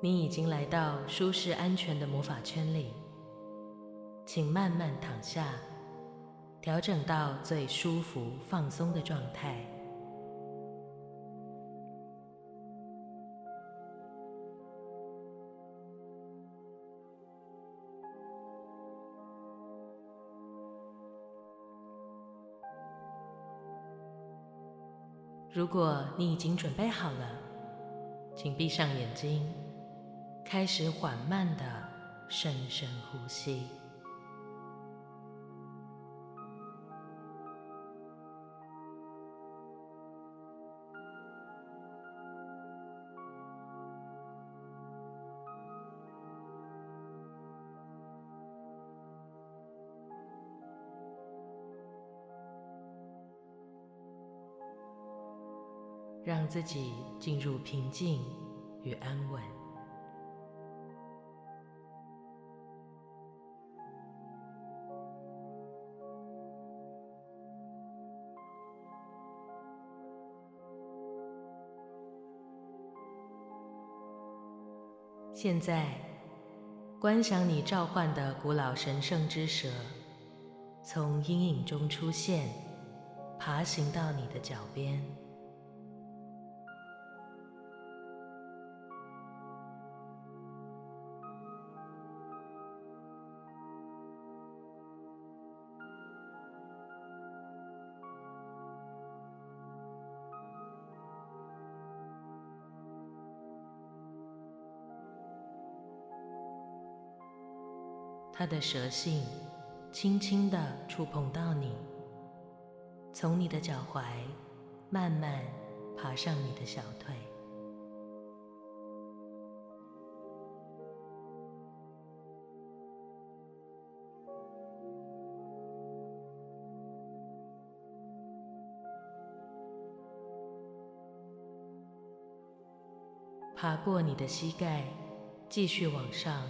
你已經來到舒適安全的魔法圈裡，請慢慢躺下，調整到最舒服、放鬆的狀態。如果你已經準備好了，請閉上眼睛。開始緩慢地深深呼吸，讓自己進入平靜與安穩。現在，觀想你召喚的古老神聖之蛇，從陰影中出現，爬行到你的腳邊。他的蛇信輕輕地觸碰到你，從你的腳踝慢慢爬上你的小腿，爬過你的膝蓋，繼續往上。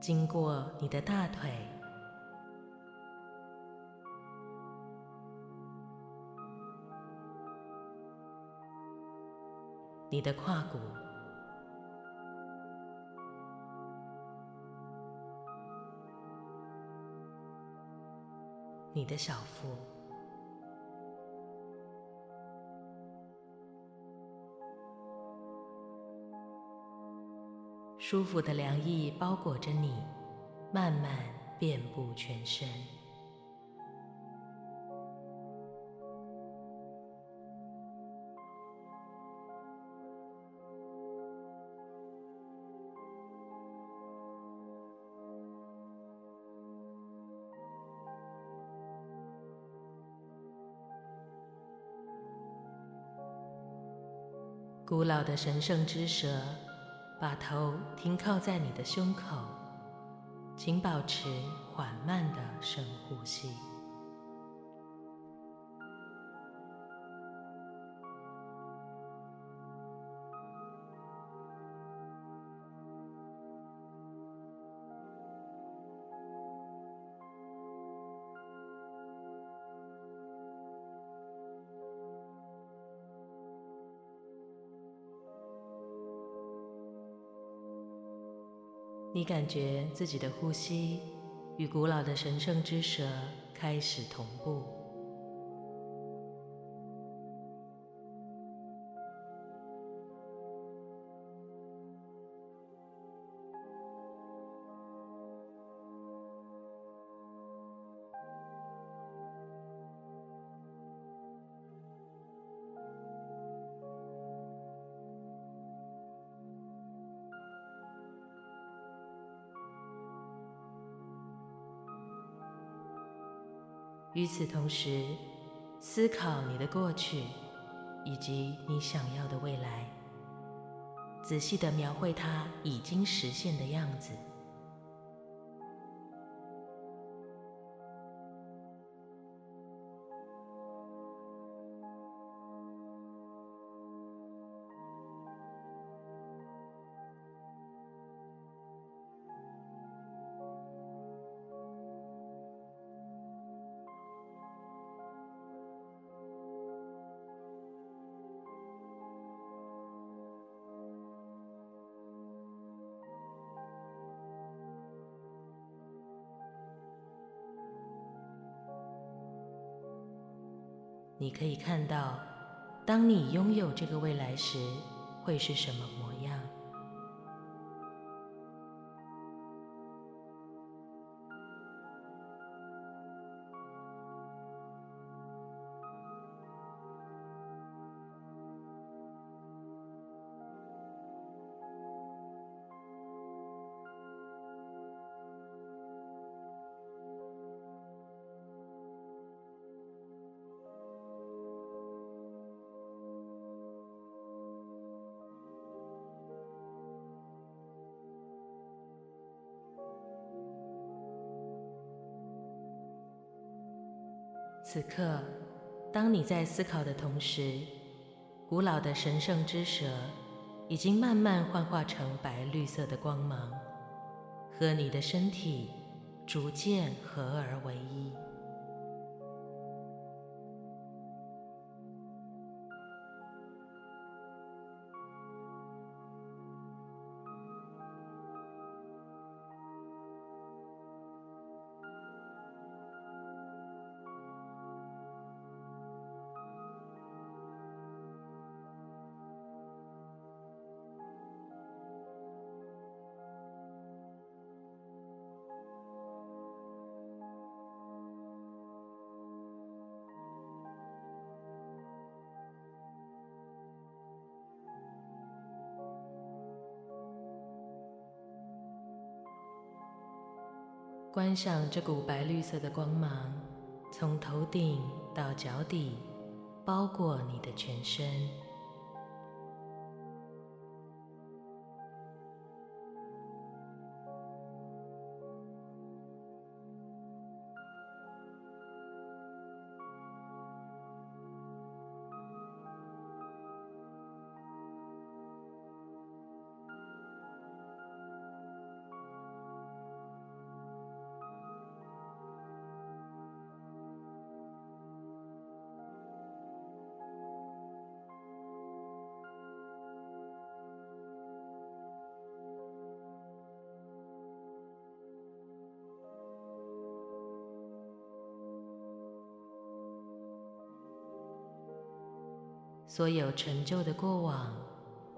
經過你的大腿，你的胯骨，你的小腹。舒服的涼意包裹着你，慢慢遍佈全身。古老的神聖之蛇。把頭停靠在你的胸口，請保持緩慢的深呼吸。你感覺自己的呼吸與古老的神聖之蛇開始同步。與此同時，思考你的過去以及你想要的未來，仔細地描繪它已經實現的樣子。你可以看到，當你擁有這個未來時，會是什麼模樣？此刻，當你在思考的同時，古老的神聖之蛇已經慢慢幻化成白綠色的光芒，和你的身體逐漸合而為一。觀賞這股白綠色的光芒，從頭頂到腳底，包裹你的全身。所有陳舊的過往、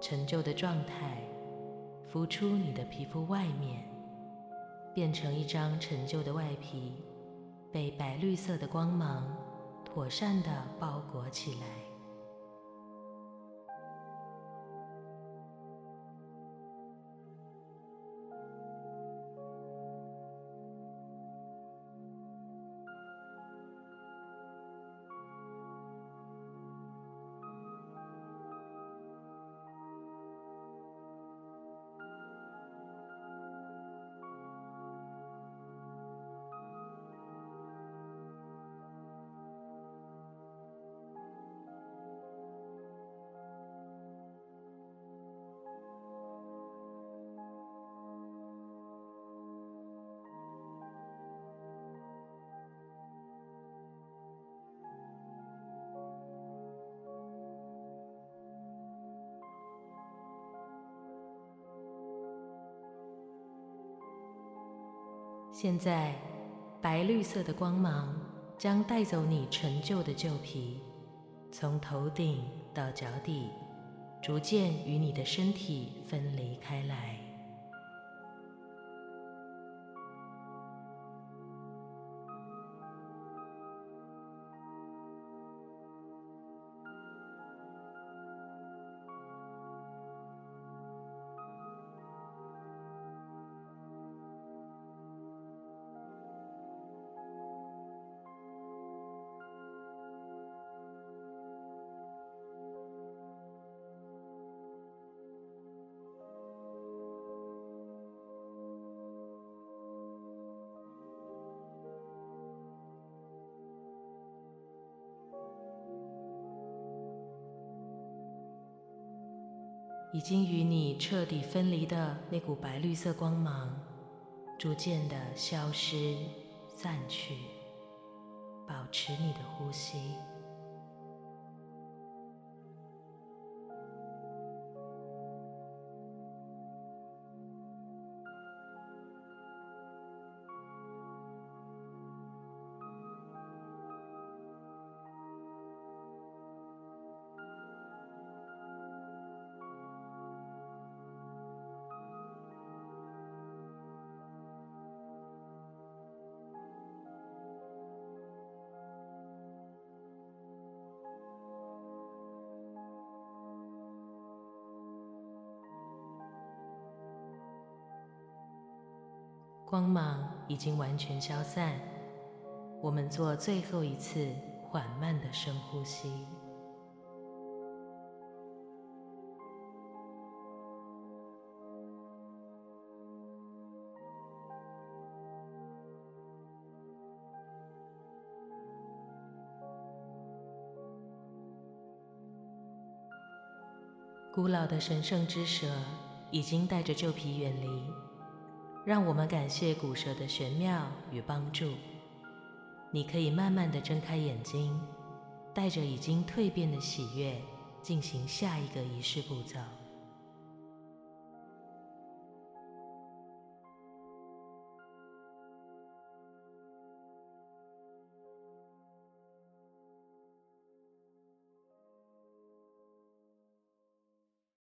陳舊的狀態浮出你的皮膚外面，變成一張陳舊的外皮，被白綠色的光芒妥善地包裹起來。現在，白綠色的光芒將帶走你陳舊的舊皮，從頭頂到腳底，逐漸與你的身體分離開來。已經與你徹底分離的那股白綠色光芒，逐漸的消失、散去。保持你的呼吸。光芒已經完全消散，我們做最後一次緩慢的深呼吸。古老的神聖之蛇已經帶着舊皮遠離。讓我們感謝古蛇的玄妙與幫助。你可以慢慢地睜開眼睛，帶着已經蛻變的喜悅，進行下一個儀式步驟。